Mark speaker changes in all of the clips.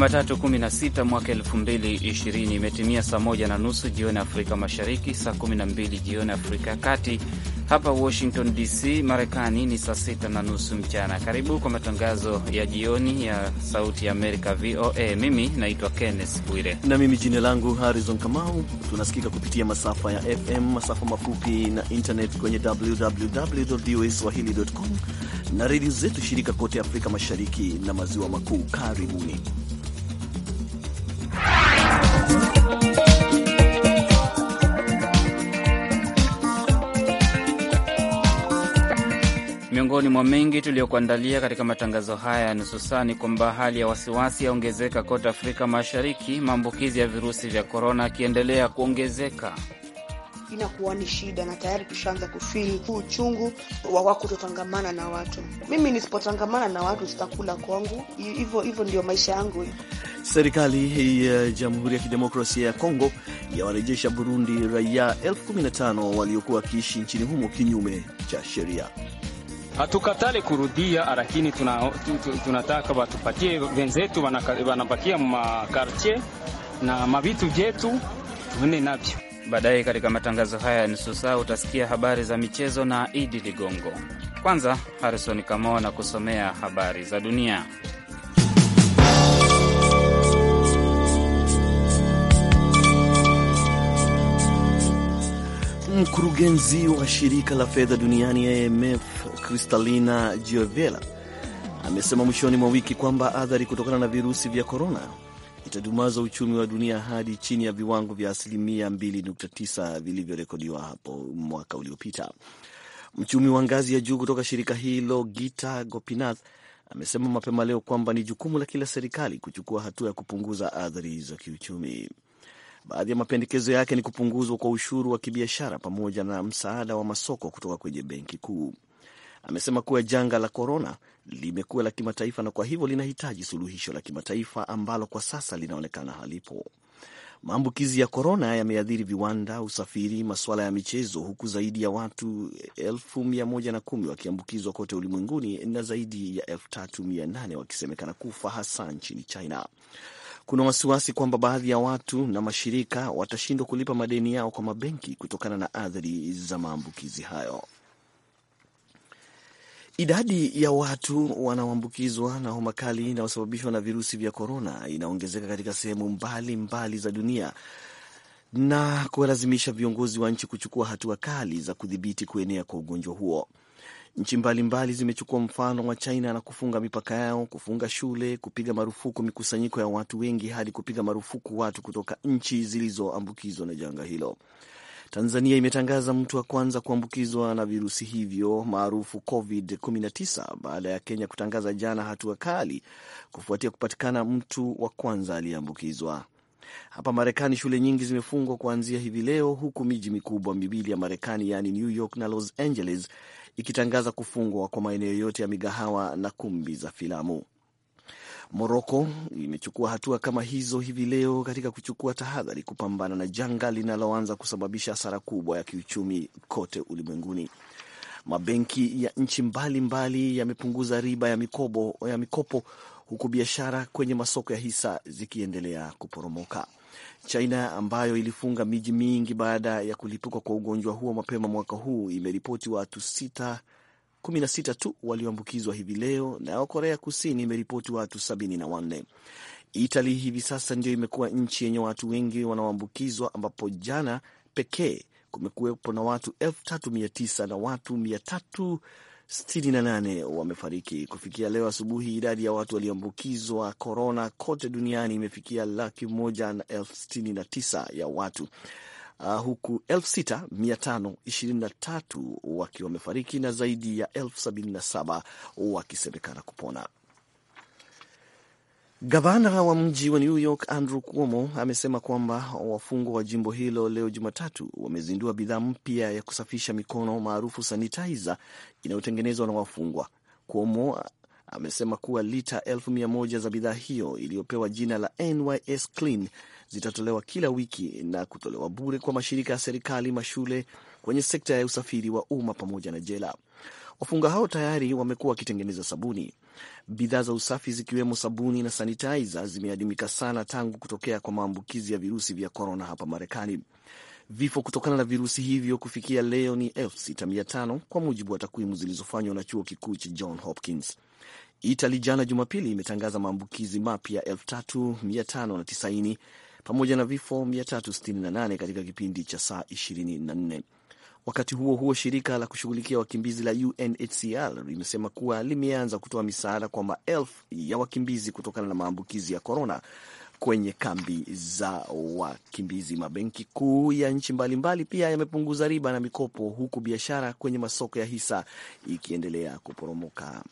Speaker 1: Jumatatu 16 mwaka 2020 imetimia saa moja na nusu jioni Afrika Mashariki, saa 12 jioni Afrika ya Kati. Hapa Washington DC, Marekani ni saa sita na nusu mchana. Karibu kwa matangazo ya jioni ya Sauti ya Amerika, VOA. Mimi naitwa Kenneth Bwire
Speaker 2: na mimi jina langu Harrison Kamau. Tunasikika kupitia masafa ya FM, masafa mafupi na internet kwenye www voa swahili.com na redio zetu shirika kote Afrika Mashariki na Maziwa Makuu. Karibuni.
Speaker 1: miongoni mwa mengi tuliyokuandalia katika matangazo haya ya nusu saa ni kwamba hali ya wasiwasi yaongezeka kote Afrika Mashariki, maambukizi ya virusi vya korona yakiendelea kuongezeka
Speaker 3: inakuwa ni shida na tayari tushaanza kufili huu uchungu wa kutotangamana na watu. Mimi nisipotangamana na watu sitakula kwangu, hivyo hivyo ndio maisha yangu.
Speaker 2: Serikali ya Jamhuri ya Kidemokrasia ya Kongo yawarejesha Burundi raia elfu kumi na tano waliokuwa wakiishi nchini humo kinyume cha sheria
Speaker 4: hatukatale kurudia, lakini tunataka tuna, tunataka watupatie wenzetu
Speaker 1: wanapakia makartie na mavitu vyetu tuende navyo baadaye. Katika matangazo haya nusu saa utasikia habari za michezo na Idi Ligongo. Kwanza Harison Kamao kusomea habari za dunia.
Speaker 2: Mkurugenzi wa shirika la fedha duniani IMF Kristalina Giovela amesema mwishoni mwa wiki kwamba athari kutokana na virusi vya korona itadumaza uchumi wa dunia hadi chini ya viwango vya asilimia 2.9 vilivyorekodiwa hapo mwaka uliopita. Mchumi wa ngazi ya juu kutoka shirika hilo Gita Gopinath amesema mapema leo kwamba ni jukumu la kila serikali kuchukua hatua ya kupunguza athari za kiuchumi. Baadhi ya mapendekezo yake ni kupunguzwa kwa ushuru wa kibiashara pamoja na msaada wa masoko kutoka kwenye benki kuu amesema kuwa janga la korona limekuwa la kimataifa na kwa hivyo linahitaji suluhisho la kimataifa ambalo kwa sasa linaonekana halipo. Maambukizi ya korona yameathiri viwanda, usafiri, masuala ya michezo, huku zaidi ya watu 1110 wakiambukizwa kote ulimwenguni na zaidi ya 3800 wakisemekana kufa hasa nchini China. Kuna wasiwasi kwamba baadhi ya watu na mashirika watashindwa kulipa madeni yao kwa mabenki kutokana na athari za maambukizi hayo. Idadi ya watu wanaoambukizwa na homa kali inayosababishwa na virusi vya korona inaongezeka katika sehemu mbalimbali za dunia na kuwalazimisha viongozi wa nchi kuchukua hatua kali za kudhibiti kuenea kwa ugonjwa huo. Nchi mbalimbali zimechukua mfano wa China na kufunga mipaka yao, kufunga shule, kupiga marufuku mikusanyiko ya watu wengi, hadi kupiga marufuku watu kutoka nchi zilizoambukizwa na janga hilo. Tanzania imetangaza mtu wa kwanza kuambukizwa na virusi hivyo maarufu COVID-19 baada ya Kenya kutangaza jana hatua kali kufuatia kupatikana mtu wa kwanza aliyeambukizwa. Hapa Marekani shule nyingi zimefungwa kuanzia hivi leo, huku miji mikubwa miwili ya Marekani yaani New York na Los Angeles ikitangaza kufungwa kwa maeneo yote ya migahawa na kumbi za filamu. Moroko imechukua hatua kama hizo hivi leo katika kuchukua tahadhari kupambana na janga linaloanza kusababisha hasara kubwa ya kiuchumi kote ulimwenguni. Mabenki ya nchi mbalimbali yamepunguza riba ya mikopo, ya mikopo huku biashara kwenye masoko ya hisa zikiendelea kuporomoka. China ambayo ilifunga miji mingi baada ya kulipuka kwa ugonjwa huo mapema mwaka huu imeripoti watu sita 16 tu walioambukizwa hivi leo, nayo Korea Kusini imeripoti watu 74. Itali hivi sasa ndio imekuwa nchi yenye watu wengi wanaoambukizwa, ambapo jana pekee kumekuwepo na watu 3900 na watu 368 wamefariki. Kufikia leo asubuhi, idadi ya watu walioambukizwa korona kote duniani imefikia laki moja na elfu sitini na tisa ya watu uh, huku 6523 wakiwa wamefariki na zaidi ya 77 wakisemekana kupona. Gavana wa mji wa New York Andrew Cuomo amesema kwamba wafungwa wa jimbo hilo leo Jumatatu wamezindua bidhaa mpya ya kusafisha mikono maarufu sanitizer inayotengenezwa na wafungwa. Cuomo amesema kuwa lita elfu mia moja za bidhaa hiyo iliyopewa jina la NYS Clean zitatolewa kila wiki na kutolewa bure kwa mashirika ya serikali, mashule, kwenye sekta ya usafiri wa umma pamoja na jela. Wafunga hao tayari wamekuwa wakitengeneza sabuni. Bidhaa za usafi zikiwemo sabuni na sanitaiza zimeadimika sana tangu kutokea kwa maambukizi ya virusi vya korona hapa Marekani. Vifo kutokana na virusi hivyo kufikia leo ni 6500 kwa mujibu wa takwimu zilizofanywa na chuo kikuu cha John Hopkins. Itali jana Jumapili imetangaza maambukizi mapya 3590 pamoja na vifo 368 katika kipindi cha saa 24. Wakati huo huo, shirika la kushughulikia wakimbizi la UNHCR limesema kuwa limeanza kutoa misaada kwa maelfu ya wakimbizi kutokana na maambukizi ya korona kwenye kambi za wakimbizi. Mabenki kuu ya nchi mbalimbali pia yamepunguza riba na mikopo, huku biashara kwenye masoko ya hisa ikiendelea kuporomoka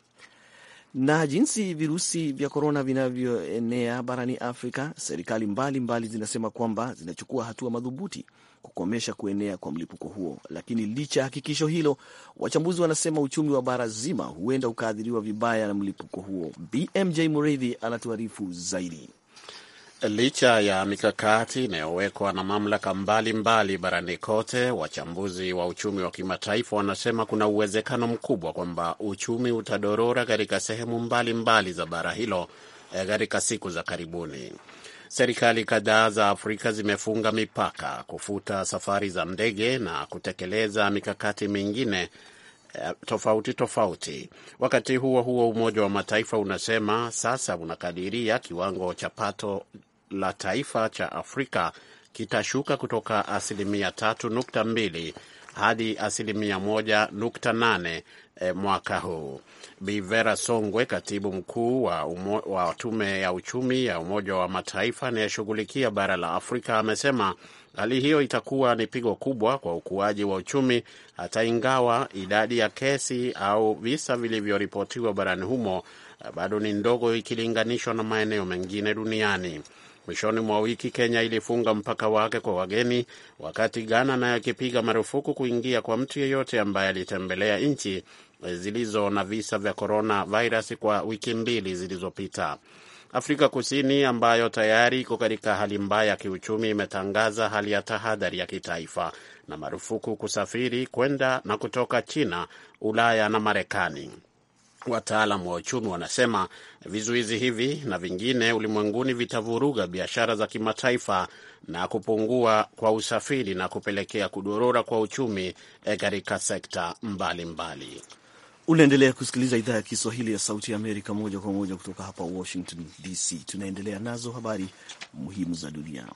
Speaker 2: na jinsi virusi vya korona vinavyoenea barani Afrika, serikali mbalimbali mbali zinasema kwamba zinachukua hatua madhubuti kukomesha kuenea kwa mlipuko huo. Lakini licha ya hakikisho hilo, wachambuzi wanasema uchumi wa bara zima huenda ukaathiriwa vibaya na mlipuko huo. BMJ Mureithi anatuarifu zaidi. Licha ya
Speaker 5: mikakati inayowekwa na mamlaka mbalimbali barani kote, wachambuzi wa uchumi wa kimataifa wanasema kuna uwezekano mkubwa kwamba uchumi utadorora katika sehemu mbalimbali mbali za bara hilo eh, katika siku za karibuni. Serikali kadhaa za Afrika zimefunga mipaka, kufuta safari za ndege na kutekeleza mikakati mingine tofauti tofauti. Wakati huo huo, Umoja wa Mataifa unasema sasa unakadiria kiwango cha pato la taifa cha Afrika kitashuka kutoka asilimia tatu nukta mbili hadi asilimia moja nukta nane e, mwaka huu. Bivera Songwe, katibu mkuu wa, umo, wa tume ya uchumi ya Umoja wa Mataifa anayeshughulikia bara la Afrika, amesema Hali hiyo itakuwa ni pigo kubwa kwa ukuaji wa uchumi, hata ingawa idadi ya kesi au visa vilivyoripotiwa barani humo eh, bado ni ndogo ikilinganishwa na maeneo mengine duniani. Mwishoni mwa wiki Kenya ilifunga mpaka wake kwa wageni, wakati Ghana nayo ikipiga marufuku kuingia kwa mtu yeyote ambaye alitembelea nchi eh, zilizo na visa vya coronavirus kwa wiki mbili zilizopita. Afrika Kusini ambayo tayari iko katika hali mbaya ya kiuchumi imetangaza hali ya tahadhari ya kitaifa na marufuku kusafiri kwenda na kutoka China, Ulaya na Marekani. Wataalam wa uchumi wanasema vizuizi hivi na vingine ulimwenguni vitavuruga biashara za kimataifa na kupungua kwa usafiri na kupelekea kudorora kwa uchumi eh, katika sekta mbalimbali mbali.
Speaker 2: Unaendelea kusikiliza idhaa ya Kiswahili ya Sauti ya Amerika moja kwa moja kutoka hapa Washington DC. Tunaendelea nazo habari muhimu za dunia.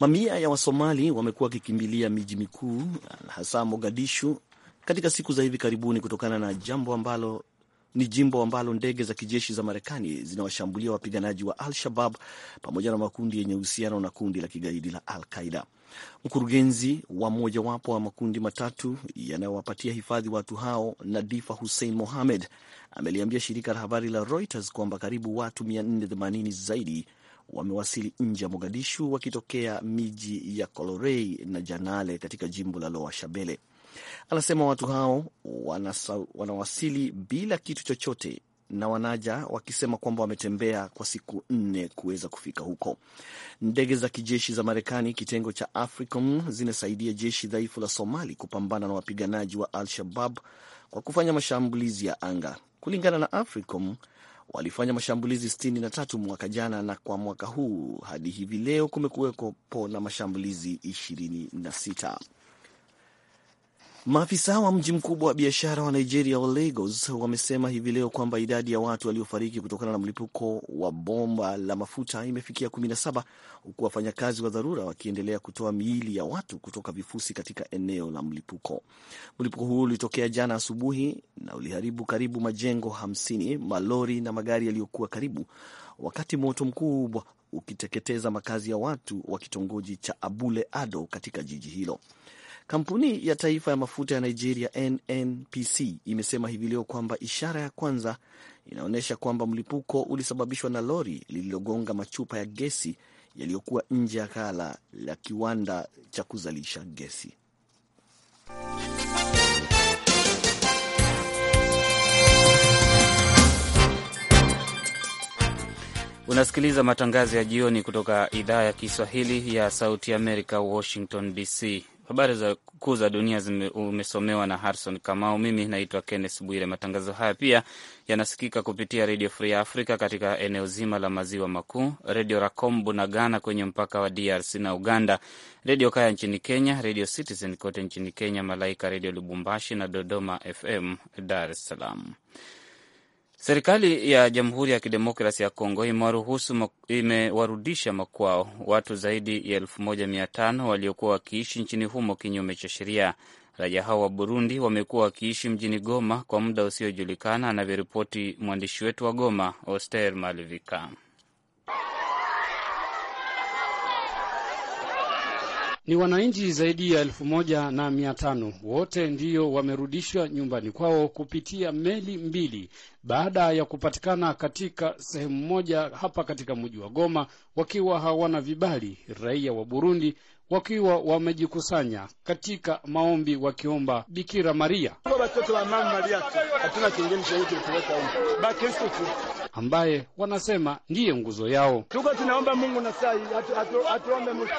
Speaker 2: Mamia ya Wasomali wamekuwa wakikimbilia miji mikuu hasa Mogadishu katika siku za hivi karibuni kutokana na jambo ambalo ni jimbo ambalo ndege za kijeshi za Marekani zinawashambulia wapiganaji wa Al-Shabab pamoja na makundi yenye uhusiano na kundi la kigaidi la Al-Qaida. Mkurugenzi wa mojawapo wa makundi matatu yanayowapatia hifadhi watu hao, Nadifa Hussein Mohamed, ameliambia shirika la habari la Reuters kwamba karibu watu 480 zaidi wamewasili nje ya Mogadishu wakitokea miji ya Kolorei na Janale katika jimbo la Loa Shabele. Anasema watu hao wanawasili bila kitu chochote na wanaja wakisema kwamba wametembea kwa siku nne kuweza kufika huko. Ndege za kijeshi za Marekani kitengo cha AFRICOM zinasaidia jeshi dhaifu la Somali kupambana na wapiganaji wa Al-Shabab kwa kufanya mashambulizi ya anga. Kulingana na AFRICOM, walifanya mashambulizi 63 mwaka jana, na kwa mwaka huu hadi hivi leo kumekuwepo na mashambulizi 26. Maafisa wa mji mkubwa wa biashara wa Nigeria wa Lagos wamesema hivi leo kwamba idadi ya watu waliofariki kutokana na mlipuko wa bomba la mafuta imefikia 17 huku wafanyakazi wa dharura wakiendelea kutoa miili ya watu kutoka vifusi katika eneo la mlipuko. Mlipuko huu ulitokea jana asubuhi na uliharibu karibu majengo 50, malori na magari yaliyokuwa karibu, wakati moto mkubwa ukiteketeza makazi ya watu wa kitongoji cha Abule Ado katika jiji hilo. Kampuni ya taifa ya mafuta ya Nigeria NNPC imesema hivi leo kwamba ishara ya kwanza inaonyesha kwamba mlipuko ulisababishwa na lori lililogonga machupa ya gesi yaliyokuwa nje ya ghala la kiwanda cha kuzalisha gesi.
Speaker 1: Unasikiliza matangazo ya jioni kutoka idhaa ya Kiswahili ya Sauti Amerika, Washington DC. Habari za kuu za dunia umesomewa na Harrison Kamau. Mimi naitwa Kenneth Bwire. Matangazo haya pia yanasikika kupitia Redio Free Africa katika eneo zima la maziwa makuu, Redio Racom na Ghana kwenye mpaka wa DRC na Uganda, Redio Kaya nchini Kenya, Redio Citizen kote nchini Kenya, Malaika Redio Lubumbashi na Dodoma FM Dar es Salaam. Serikali ya Jamhuri ya Kidemokrasi ya Kongo imewarudisha makwao watu zaidi ya elfu moja mia tano waliokuwa wakiishi nchini humo kinyume cha sheria. Raia hao wa Burundi wamekuwa wakiishi mjini Goma kwa muda usiojulikana, anavyoripoti mwandishi wetu wa Goma, Oster Malivika.
Speaker 6: Ni wananchi zaidi ya elfu moja na mia tano wote ndio wamerudishwa nyumbani kwao kupitia meli mbili baada ya kupatikana katika sehemu moja hapa katika mji wa Goma wakiwa hawana vibali. Raia wa Burundi wakiwa wamejikusanya katika maombi wakiomba Bikira Maria ambaye wanasema ndiye nguzo yao.
Speaker 7: Tuko tunaomba Mungu na sai atuombe atu, atu, atu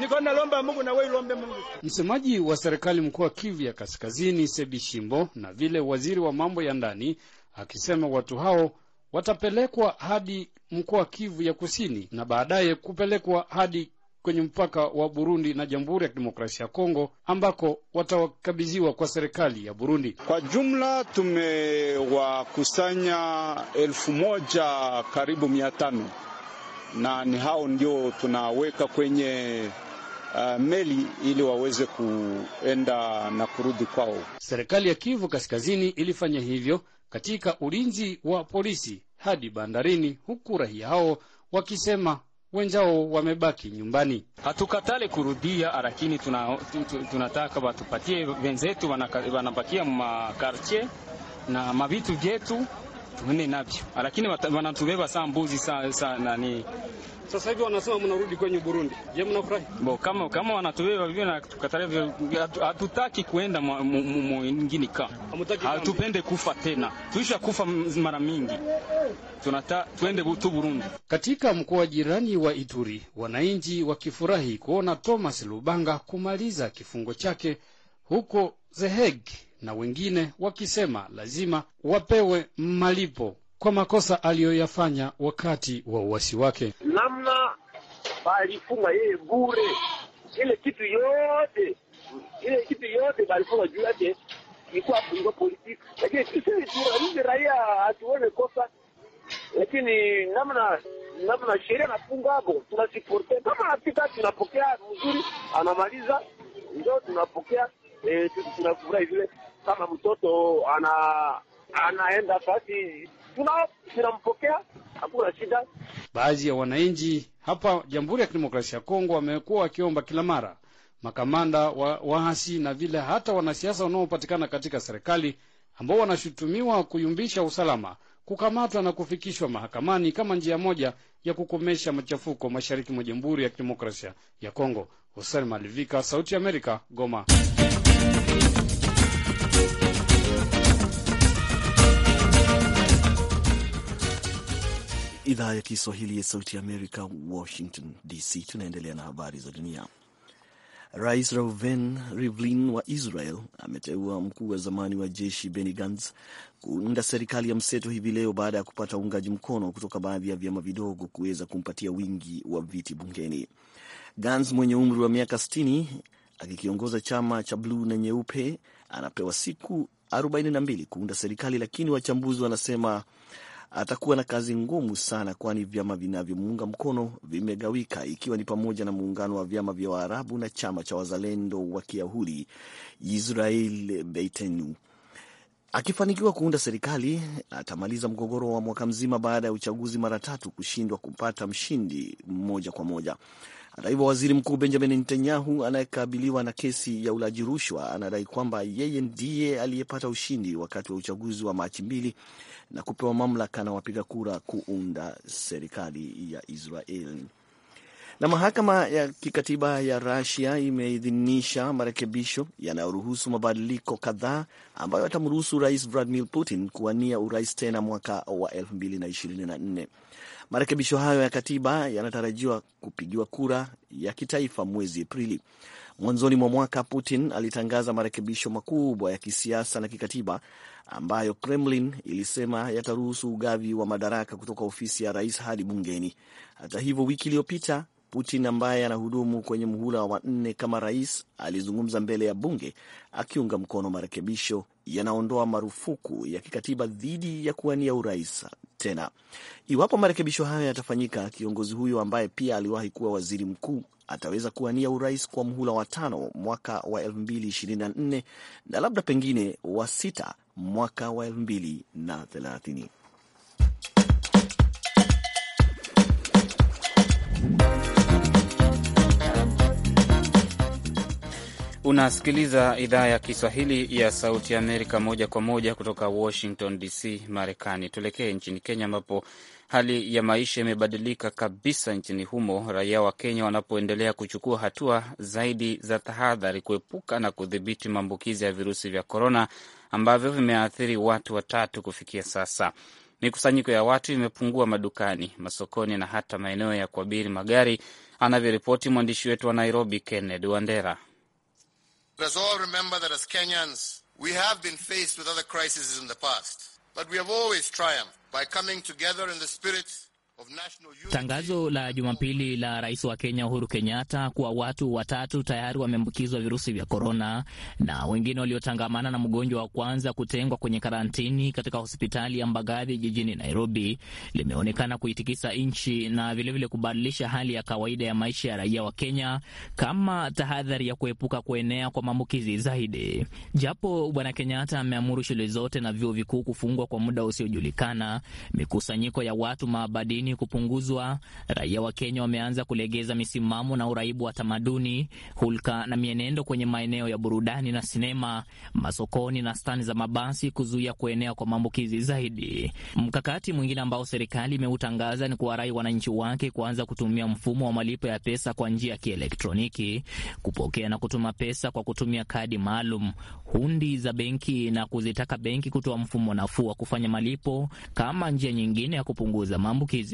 Speaker 7: niko nalomba Mungu na wewe uombe
Speaker 6: Mungu. Msemaji wa serikali mkoa Kivu ya Kaskazini Sebishimbo na vile waziri wa mambo ya ndani akisema watu hao watapelekwa hadi mkoa Kivu ya Kusini na baadaye kupelekwa hadi kwenye mpaka wa Burundi na Jamhuri ya Kidemokrasia ya Kongo ambako watawakabidhiwa kwa serikali ya Burundi. Kwa jumla tumewakusanya elfu moja karibu mia tano na ni hao ndio tunaweka kwenye uh, meli ili waweze kuenda na kurudi kwao. Serikali ya Kivu Kaskazini ilifanya hivyo katika ulinzi wa polisi hadi bandarini, huku raia hao wakisema wenzao wamebaki nyumbani. Hatukatale kurudia, lakini
Speaker 4: tunataka watupatie wenzetu wanabakia makartie na mavitu vyetu tuende navyo, lakini wanatubeba saa mbuzi saa nani
Speaker 6: sasa hivi wanasema mnarudi kwenye Burundi. Je, mnafurahi?
Speaker 4: Bo, kama kama wanatuweva vivyo na tukatalia hatutaki kuenda mwingine ka. Hatupende
Speaker 6: kufa tena. Tuisha kufa mara mingi. Tunata tuende tu Burundi. Katika mkoa wa jirani wa Ituri, wananchi wakifurahi kuona Thomas Lubanga kumaliza kifungo chake huko The Hague na wengine wakisema lazima wapewe malipo kwa makosa aliyoyafanya wakati wa uasi wake,
Speaker 7: namna balifunga yeye bure ile kitu yote, ile kitu yote balifunga juu yake ilikuwa ilikuwa politiki, lakini sisi tunaize raia hatuone kosa, lakini namna namna sheria nafunga hapo, tunasiporte kama napita, tunapokea mzuri, anamaliza ndio tunapokea e, tunafurahi vile, kama mtoto ana anaenda fasi tunao, tunampokea, hakuna shida.
Speaker 6: Baadhi ya wananchi hapa Jamhuri ya Kidemokrasia ya Kongo wamekuwa wakiomba kila mara makamanda wa waasi na vile hata wanasiasa wanaopatikana katika serikali ambao wanashutumiwa kuyumbisha usalama kukamatwa na kufikishwa mahakamani kama njia moja ya kukomesha machafuko mashariki mwa Jamhuri ya Kidemokrasia ya Kongo. Hussein Malivika, Sauti ya Amerika, Goma.
Speaker 2: idhaa ya Kiswahili ya Sauti ya Amerika, Washington DC. Tunaendelea na habari za dunia. Rais Reuven Rivlin wa Israel ameteua mkuu wa zamani wa jeshi Benny Gantz kuunda serikali ya mseto hivi leo baada ya kupata uungaji mkono kutoka baadhi ya vyama vidogo kuweza kumpatia wingi wa viti bungeni. Gantz mwenye umri wa miaka 60 akikiongoza chama cha bluu na nyeupe anapewa siku 42 kuunda serikali, lakini wachambuzi wanasema atakuwa na kazi ngumu sana, kwani vyama vinavyomuunga mkono vimegawika, ikiwa ni pamoja na muungano wa vyama vya Waarabu na chama cha wazalendo wa Kiyahudi Israel Beitenu. Akifanikiwa kuunda serikali, atamaliza mgogoro wa mwaka mzima baada ya uchaguzi mara tatu kushindwa kupata mshindi moja kwa moja. Hata hivyo, waziri mkuu Benjamin Netanyahu anayekabiliwa na kesi ya ulaji rushwa anadai kwamba yeye ndiye aliyepata ushindi wakati wa uchaguzi wa Machi mbili na kupewa mamlaka na wapiga kura kuunda serikali ya Israel. Na mahakama ya kikatiba ya rasia imeidhinisha marekebisho yanayoruhusu mabadiliko kadhaa ambayo atamruhusu rais Vladimir Putin kuwania urais tena mwaka wa 2024. Marekebisho hayo ya katiba yanatarajiwa kupigiwa kura ya kitaifa mwezi Aprili. Mwanzoni mwa mwaka, Putin alitangaza marekebisho makubwa ya kisiasa na kikatiba ambayo Kremlin ilisema yataruhusu ugavi wa madaraka kutoka ofisi ya rais hadi bungeni. Hata hivyo, wiki iliyopita Putin ambaye anahudumu kwenye muhula wa nne kama rais alizungumza mbele ya bunge akiunga mkono marekebisho yanaondoa marufuku ya kikatiba dhidi ya kuwania urais tena. Iwapo marekebisho hayo yatafanyika, kiongozi huyo ambaye pia aliwahi kuwa waziri mkuu ataweza kuwania urais kwa mhula wa tano mwaka wa 2024 na labda pengine wa sita mwaka wa 2030.
Speaker 1: Unasikiliza idhaa ya Kiswahili ya Sauti ya Amerika moja kwa moja kutoka Washington DC, Marekani. Tuelekee nchini Kenya, ambapo hali ya maisha imebadilika kabisa nchini humo, raia wa Kenya wanapoendelea kuchukua hatua zaidi za tahadhari kuepuka na kudhibiti maambukizi ya virusi vya korona ambavyo vimeathiri watu watatu kufikia sasa. Mikusanyiko ya watu imepungua madukani, masokoni na hata maeneo ya kuabiri magari, anavyoripoti mwandishi wetu wa Nairobi, Kennedy Wandera.
Speaker 6: Let us all remember that as Kenyans, we have been faced with other crises in the
Speaker 8: past,
Speaker 6: but we have always triumphed by coming together in the spirit
Speaker 8: Tangazo la Jumapili la rais wa Kenya Uhuru Kenyatta kuwa watu watatu tayari wameambukizwa virusi vya korona na wengine waliotangamana na mgonjwa wa kwanza kutengwa kwenye karantini katika hospitali ya Mbagathi jijini Nairobi limeonekana kuitikisa nchi na vilevile kubadilisha hali ya kawaida ya maisha ya raia wa Kenya kama tahadhari ya kuepuka kuenea kwa maambukizi zaidi. Japo Bwana Kenyatta ameamuru shule zote na vyuo vikuu kufungwa kwa muda usiojulikana, mikusanyiko ya watu maabadini umaskini kupunguzwa, raia wa Kenya wameanza kulegeza misimamo na uraibu wa tamaduni, hulka na mienendo kwenye maeneo ya burudani na sinema, masokoni na stani za mabasi, kuzuia kuenea kwa maambukizi zaidi. Mkakati mwingine ambao serikali imeutangaza ni kuwarai wananchi wake kuanza kutumia mfumo wa malipo ya pesa kwa njia ya kielektroniki, kupokea na kutuma pesa kwa kutumia kadi maalum, hundi za benki na kuzitaka benki kutoa mfumo nafuu wa kufanya malipo kama njia nyingine ya kupunguza maambukizi.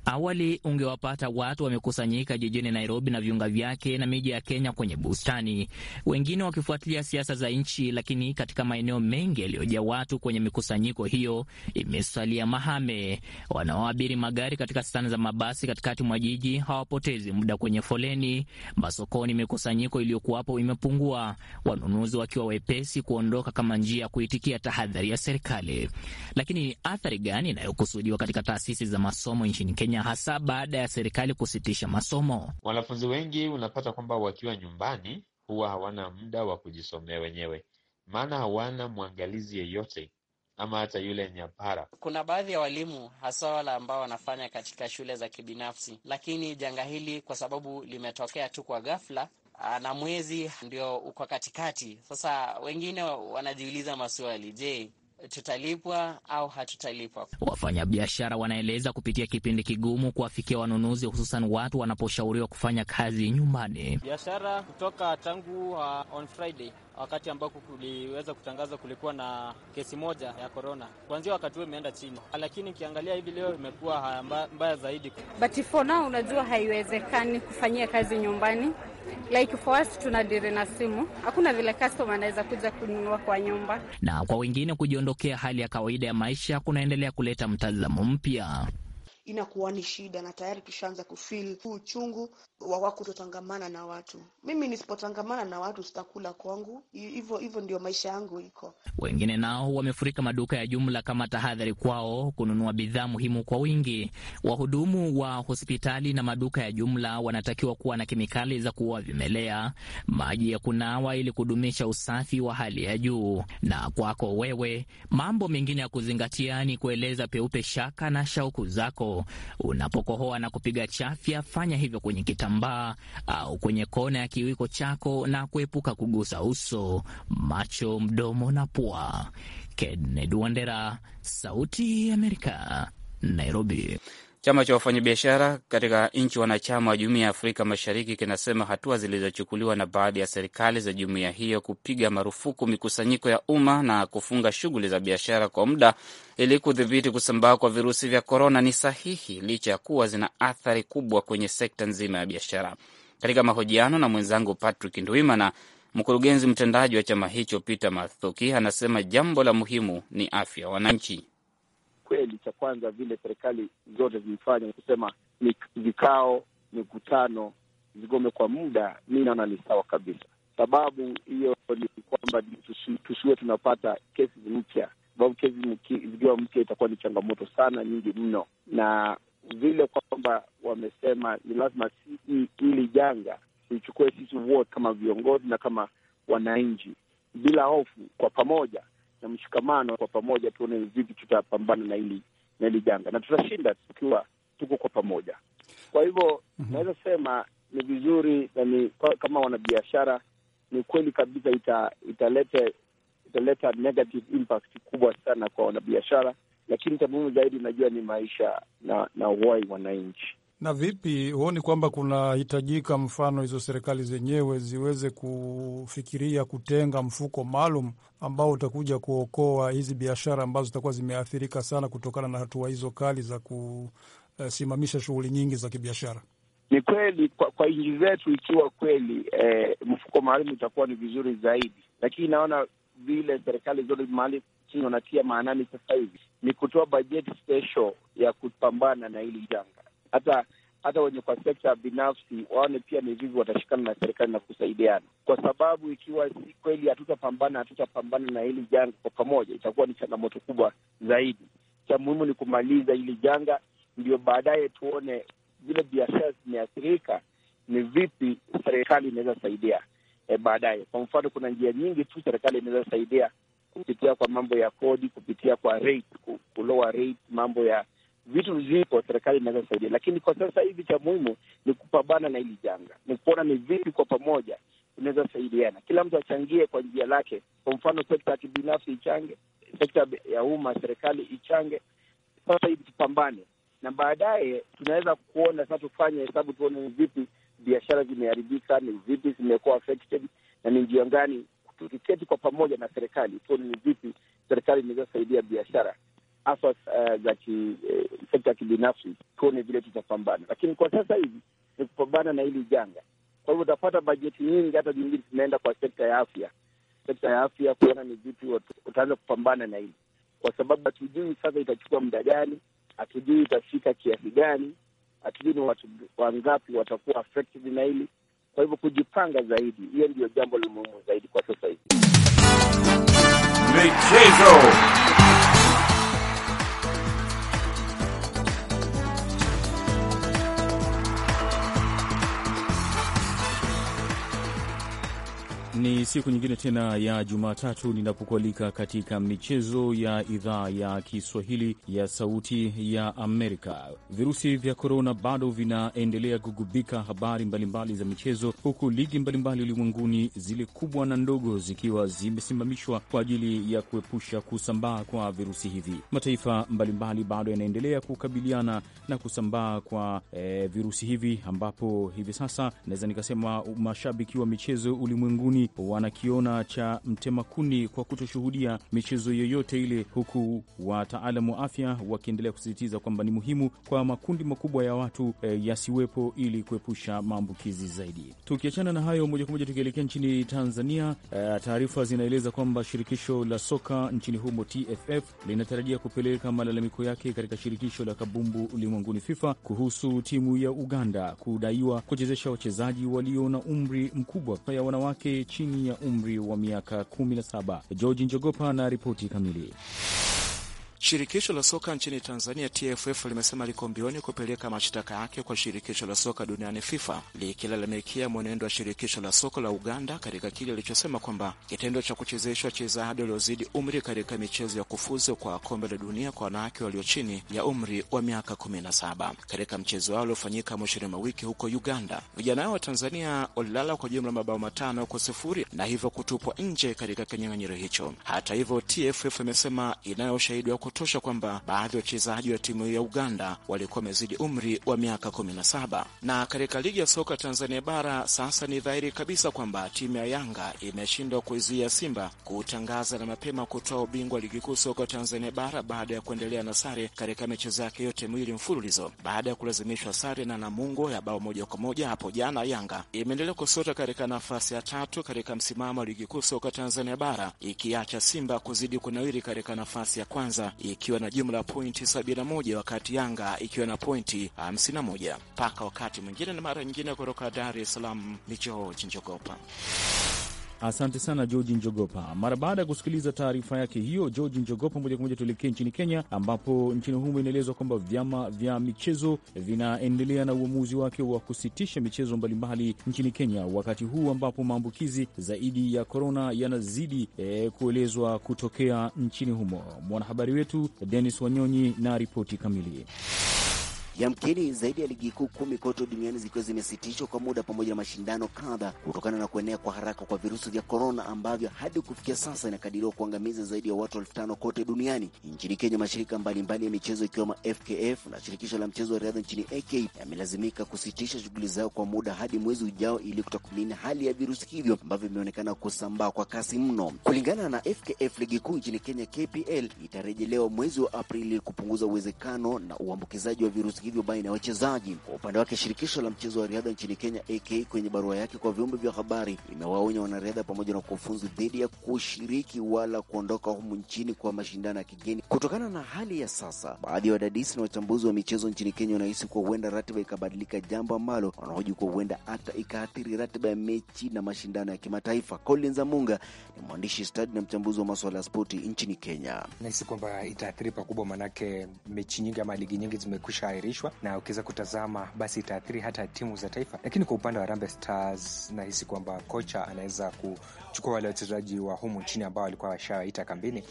Speaker 8: Awali ungewapata watu wamekusanyika jijini Nairobi na viunga vyake na miji ya Kenya kwenye bustani, wengine wakifuatilia siasa za nchi, lakini katika maeneo mengi yaliyojaa watu kwenye mikusanyiko hiyo imesalia mahame. Wanaoabiri magari katika stani za mabasi katikati mwa jiji hawapotezi muda kwenye foleni. Masokoni mikusanyiko iliyokuwapo imepungua, wanunuzi wakiwa wepesi kuondoka kama njia ya kuitikia tahadhari ya serikali. Lakini athari gani inayokusudiwa katika taasisi za masomo nchini Kenya? hasa baada ya serikali kusitisha masomo.
Speaker 7: Wanafunzi wengi unapata kwamba wakiwa nyumbani huwa hawana muda wa kujisomea wenyewe, maana hawana mwangalizi yeyote ama hata yule nyapara.
Speaker 8: Kuna baadhi ya walimu hasa wale ambao wanafanya katika shule za kibinafsi, lakini janga hili kwa sababu limetokea tu kwa ghafla ah, na mwezi ndio uko katikati. Sasa wengine wanajiuliza maswali, je, tutalipwa au hatutalipwa. Wafanyabiashara wanaeleza kupitia kipindi kigumu kuwafikia wanunuzi, hususan watu wanaposhauriwa kufanya kazi nyumbani.
Speaker 1: Biashara kutoka tangu uh, on Friday wakati ambako kuliweza kutangaza kulikuwa na kesi moja ya korona. Kuanzia wakati huo imeenda chini, lakini ukiangalia hivi leo imekuwa mbaya zaidi. But for now, unajua haiwezekani kufanyia kazi nyumbani like for us tunadiri na simu, hakuna vile customer anaweza kuja kununua kwa nyumba.
Speaker 8: Na kwa wengine kujiondokea hali ya kawaida ya maisha kunaendelea kuleta mtazamo mpya
Speaker 3: inakuwa ni shida, na tayari tushaanza kufeel huu uchungu wa kutotangamana na watu. Mimi nisipotangamana na watu sitakula kwangu, hivyo hivyo ndio maisha yangu iko.
Speaker 8: Wengine nao wamefurika maduka ya jumla kama tahadhari kwao kununua bidhaa muhimu kwa wingi. Wahudumu wa hospitali na maduka ya jumla wanatakiwa kuwa na kemikali za kuua vimelea, maji ya kunawa ili kudumisha usafi wa hali ya juu. Na kwako wewe, mambo mengine ya kuzingatia ni kueleza peupe shaka na shauku zako Unapokohoa na kupiga chafya, fanya hivyo kwenye kitambaa au kwenye kona ya kiwiko chako na kuepuka kugusa uso, macho, mdomo na pua. Kennedy Wandera, Sauti ya Amerika, Nairobi.
Speaker 1: Chama cha wafanyabiashara katika nchi wanachama wa Jumuiya ya Afrika Mashariki kinasema hatua zilizochukuliwa na baadhi ya serikali za jumuiya hiyo kupiga marufuku mikusanyiko ya umma na kufunga shughuli za biashara kwa muda ili kudhibiti kusambaa kwa virusi vya korona ni sahihi, licha ya kuwa zina athari kubwa kwenye sekta nzima ya biashara. Katika mahojiano na mwenzangu Patrick Ndwimana, mkurugenzi mtendaji wa chama hicho Peter Mathuki anasema jambo la muhimu ni afya wananchi
Speaker 7: kweli cha kwanza vile serikali zote zimefanya ni kusema vikao, mikutano zigome kwa muda, mi naona ni sawa kabisa. Sababu hiyo ni kwamba tusiwe tunapata kesi mpya, sababu kesi zikiwa mpya itakuwa ni changamoto sana nyingi mno, na vile kwamba wamesema ni lazima hili janga tuichukue sisi wote kama viongozi na kama wananchi bila hofu, kwa pamoja na mshikamano, kwa pamoja tuone vipi tutapambana na hili na hili janga, na tutashinda tukiwa tuko kwa pamoja. Kwa hivyo mm -hmm. naweza sema ni vizuri na ni kama wanabiashara, ni kweli kabisa ita, italete italeta negative impact kubwa sana kwa wanabiashara, lakini cha muhimu zaidi najua ni maisha na na uhai wananchi.
Speaker 6: Na vipi, huoni kwamba kunahitajika mfano hizo serikali zenyewe ziweze kufikiria kutenga mfuko maalum ambao utakuja kuokoa hizi biashara ambazo zitakuwa zimeathirika sana kutokana na hatua hizo kali za kusimamisha shughuli nyingi za kibiashara?
Speaker 7: Ni kweli kwa, kwa nchi zetu, ikiwa kweli eh, mfuko maalum utakuwa ni vizuri zaidi, lakini naona vile serikali zote mahali chini wanatia maanani sasa hivi ni kutoa bajeti spesho ya kupambana na hili janga hata hata wenye kwa sekta binafsi waone pia ni vivi watashikana na serikali na kusaidiana, kwa sababu ikiwa si kweli hatutapambana hatutapambana na hili janga kwa pamoja, itakuwa ni changamoto kubwa zaidi. Cha muhimu ni kumaliza hili janga, ndio baadaye tuone vile biashara zimeathirika ni vipi serikali inaweza saidia e, baadaye. Kwa mfano, kuna njia nyingi tu serikali inaweza saidia kupitia kwa mambo ya kodi, kupitia kwa rate, kulowa rate, mambo ya vitu vipo, serikali inaweza saidia lakini kwa sasa hivi cha muhimu ni kupambana na hili janga, ni kuona ni vipi kwa pamoja tunaweza saidiana, kila mtu achangie kwa njia lake. Kwa mfano, sekta ya kibinafsi ichange, sekta ya umma, serikali ichange. Sasa hivi tupambane, na baadaye tunaweza kuona sasa, tufanye hesabu, tuone ni vipi biashara zimeharibika, ni vipi zimekuwa affected na ni njia gani, tukiketi kwa pamoja na serikali tuone ni vipi serikali inaweza saidia biashara haswa uh, za ki, eh, sekta ya kibinafsi, tuone vile tutapambana, lakini kwa sasa hivi ni kupambana na hili janga. Kwa hivyo utapata bajeti nyingi, hata zingine zinaenda kwa sekta ya afya, sekta ya afya kuona ni vipi utaanza kupambana na hili, kwa sababu hatujui sasa itachukua muda gani, hatujui itafika kiasi gani, hatujui ni watu wangapi watakuwa affected na hili. Kwa hivyo kujipanga zaidi, hiyo ndiyo jambo la muhimu zaidi kwa sasa hivi. Michezo.
Speaker 4: Ni siku nyingine tena ya Jumatatu ninapokualika katika michezo ya idhaa ya Kiswahili ya Sauti ya Amerika. Virusi vya korona bado vinaendelea kugubika habari mbalimbali za michezo, huku ligi mbalimbali ulimwenguni, zile kubwa na ndogo, zikiwa zimesimamishwa kwa ajili ya kuepusha kusambaa kwa virusi hivi. Mataifa mbalimbali bado yanaendelea kukabiliana na kusambaa kwa e, virusi hivi, ambapo hivi sasa naweza nikasema mashabiki wa michezo ulimwenguni wanakiona cha mtema kuni kwa kutoshuhudia michezo yoyote ile, huku wataalamu wa afya wakiendelea kusisitiza kwamba ni muhimu kwa makundi makubwa ya watu e, yasiwepo ili kuepusha maambukizi zaidi. Tukiachana na hayo, moja kwa moja tukielekea nchini Tanzania, e, taarifa zinaeleza kwamba shirikisho la soka nchini humo TFF linatarajia kupeleka malalamiko yake katika shirikisho la kabumbu ulimwenguni FIFA kuhusu timu ya Uganda kudaiwa kuchezesha wachezaji walio na umri mkubwa ya wanawake chini ya umri wa miaka 17. George Njogopa na ripoti kamili.
Speaker 9: Shirikisho la soka nchini Tanzania TFF limesema liko mbioni kupeleka mashtaka yake kwa shirikisho la soka duniani FIFA likilalamikia mwenendo wa shirikisho la soka la Uganda katika kile ilichosema kwamba kitendo cha kuchezeshwa wachezaji waliozidi umri katika michezo ya kufuzu kwa kombe la dunia kwa wanawake walio chini ya umri wa miaka 17 katika mchezo wao uliofanyika mwishoni mwa wiki huko Uganda. Vijana hao wa Tanzania walilala kwa jumla mabao matano kwa sifuri na hivyo kutupwa nje katika kinyang'anyiro hicho. Hata hivyo, TFF imesema inayo ushahidi wa kutosha kwamba baadhi ya wachezaji wa timu ya Uganda walikuwa wamezidi umri wa miaka 17. Na katika ligi ya soka Tanzania bara sasa ni dhahiri kabisa kwamba timu ya Yanga imeshindwa kuizuia Simba kutangaza na mapema kutoa ubingwa wa ligi kuu soka Tanzania bara baada ya kuendelea na sare katika michezo yake yote miwili mfululizo baada ya kulazimishwa sare na Namungo ya bao moja kwa moja hapo jana. Yanga imeendelea kusota katika nafasi ya tatu katika msimamo wa ligi kuu soka Tanzania bara ikiacha Simba kuzidi kunawiri katika nafasi ya kwanza ikiwa na jumla ya pointi 71 wakati Yanga ikiwa na pointi 51. Mpaka wakati mwingine na mara nyingine, kutoka Dar es Salaam ni George Njogopa.
Speaker 4: Asante sana Georgi Njogopa. Mara baada ya kusikiliza taarifa yake hiyo, Georgi Njogopa, moja kwa moja tuelekee nchini Kenya, ambapo nchini humo inaelezwa kwamba vyama vya michezo vinaendelea na uamuzi wake wa kusitisha michezo mbalimbali nchini Kenya, wakati huu ambapo maambukizi zaidi ya korona yanazidi e, kuelezwa kutokea nchini humo. Mwanahabari wetu Denis Wanyonyi na ripoti kamili.
Speaker 3: Yamkini zaidi ya ligi kuu kumi kote duniani zikiwa zimesitishwa kwa muda pamoja na mashindano kadha kutokana na kuenea kwa haraka kwa virusi vya korona ambavyo hadi kufikia sasa inakadiriwa kuangamiza zaidi ya watu elfu tano kote duniani. Nchini Kenya, mashirika mbalimbali mbali ya michezo ikiwemo FKF na shirikisho la mchezo wa riadha nchini AK yamelazimika kusitisha shughuli zao kwa muda hadi mwezi ujao ili kutathmini hali ya virusi hivyo ambavyo vimeonekana kusambaa kwa kasi mno. Kulingana na FKF, ligi kuu nchini Kenya KPL itarejelewa mwezi wa Aprili kupunguza uwezekano na uambukizaji wa virusi hivyo baina ya wachezaji. Kwa upande wake, shirikisho la mchezo wa riadha nchini Kenya AK kwenye barua yake kwa vyombo vya habari limewaonya wanariadha pamoja na wakufunzi dhidi ya kushiriki wala kuondoka humu nchini kwa mashindano ya kigeni kutokana na hali ya sasa. Baadhi ya wadadisi na wachambuzi wa michezo nchini Kenya wanahisi kuwa huenda ratiba ikabadilika, jambo ambalo wanahoji kuwa huenda hata ikaathiri ratiba ya mechi na mashindano ya kimataifa. Collins Amunga ni mwandishi stadi na mchambuzi wa maswala ya spoti nchini Kenya. Nahisi kwamba itaathiri pakubwa, manake mechi nyingi ama ligi nyingi zimekwisha airishwa kuhairishwa na ukiweza kutazama basi itaathiri hata timu za taifa. Lakini kwa upande wa Harambee Stars nahisi kwamba kocha anaweza kuchukua wale wachezaji wa humu nchini ambao walikuwa washawaita kambini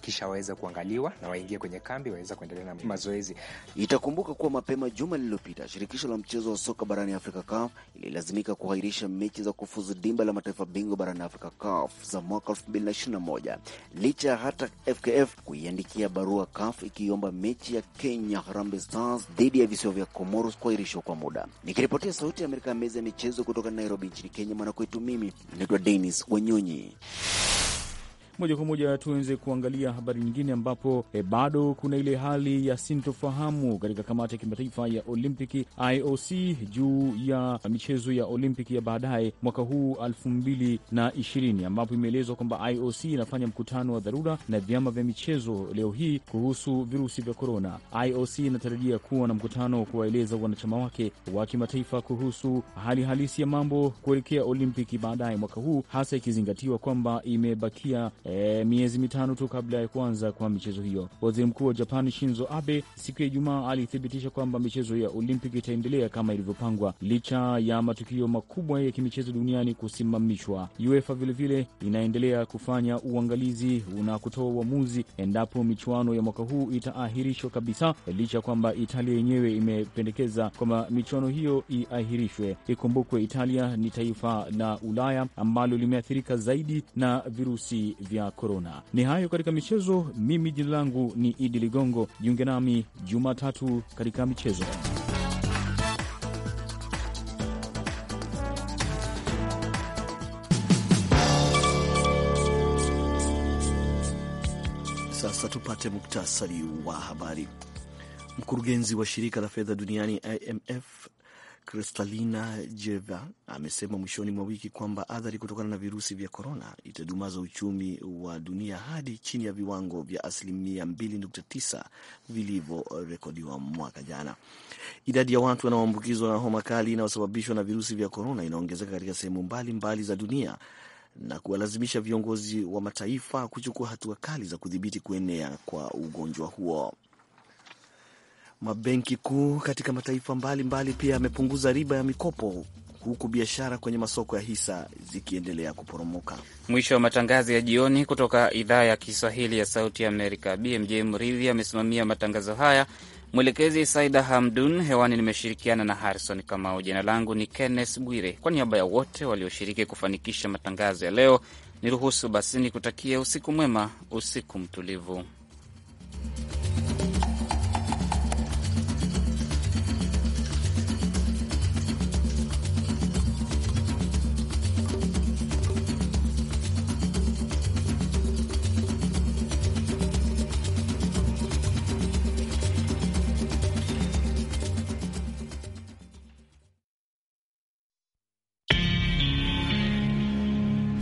Speaker 3: kisha waweze kuangaliwa na waingie kwenye kambi waweze kuendelea na mazoezi. Itakumbuka kuwa mapema juma lililopita shirikisho la mchezo wa soka barani Afrika CAF ililazimika kuahirisha mechi za kufuzu dimba la mataifa bingwa barani Afrika CAF za mwaka 2021 licha ya hata FKF kuiandikia barua CAF ikiomba mechi ya Kenya Harambee Stars dhidi ya visiwa vya Comoros kuahirishwa kwa muda. Nikiripotia Sauti ya Amerika, ya meza ya michezo kutoka Nairobi nchini Kenya, mwanakwetu mimi naitwa denis Wanyonyi.
Speaker 4: Moja kwa moja tuweze kuangalia habari nyingine, ambapo e, bado kuna ile hali ya sintofahamu katika kamati ya kimataifa ya Olimpiki IOC juu ya michezo ya Olimpiki ya baadaye mwaka huu elfu ambapo imeelezwa kwamba IOC inafanya mkutano wa dharura na vyama vya michezo leo hii kuhusu virusi vya korona. IOC inatarajia kuwa na mkutano wa kuwaeleza wanachama wake wa kimataifa kuhusu hali halisi ya mambo kuelekea Olimpiki baadaye mwaka huu, hasa ikizingatiwa kwamba imebakia e, miezi mitano tu kabla ya kuanza kwa michezo hiyo. Waziri mkuu wa Japan Shinzo Abe siku ya Ijumaa alithibitisha kwamba michezo ya olimpik itaendelea kama ilivyopangwa licha ya matukio makubwa ya kimichezo duniani kusimamishwa. UEFA vilevile inaendelea kufanya uangalizi na kutoa uamuzi endapo michuano ya mwaka huu itaahirishwa kabisa, licha ya kwamba Italia yenyewe imependekeza kwamba michuano hiyo iahirishwe. Ikumbukwe Italia ni taifa la Ulaya ambalo limeathirika zaidi na virusi vya ya korona. Ni hayo katika michezo. Mimi jina langu ni Idi Ligongo, jiunge nami Jumatatu katika michezo.
Speaker 2: Sasa tupate muktasari wa habari. Mkurugenzi wa shirika la fedha duniani IMF Kristalina Jeva amesema mwishoni mwa wiki kwamba athari kutokana na virusi vya korona itadumaza uchumi wa dunia hadi chini ya viwango vya asilimia 2.9 vilivyorekodiwa mwaka jana. Idadi ya watu wanaoambukizwa na homa kali inayosababishwa na virusi vya korona inaongezeka katika sehemu mbalimbali za dunia na kuwalazimisha viongozi wa mataifa kuchukua hatua kali za kudhibiti kuenea kwa ugonjwa huo. Mabenki kuu katika mataifa mbalimbali mbali pia yamepunguza riba ya mikopo huku biashara kwenye masoko ya hisa zikiendelea kuporomoka.
Speaker 1: Mwisho wa matangazo ya jioni kutoka idhaa ya Kiswahili ya Sauti Amerika. BMJ Mridhi amesimamia matangazo haya, mwelekezi Saida Hamdun. Hewani nimeshirikiana na Harrison Kamau. Jina langu ni Kenneth Bwire. Kwa niaba ya wote walioshiriki kufanikisha matangazo ya leo, niruhusu basi nikutakie usiku mwema, usiku mtulivu.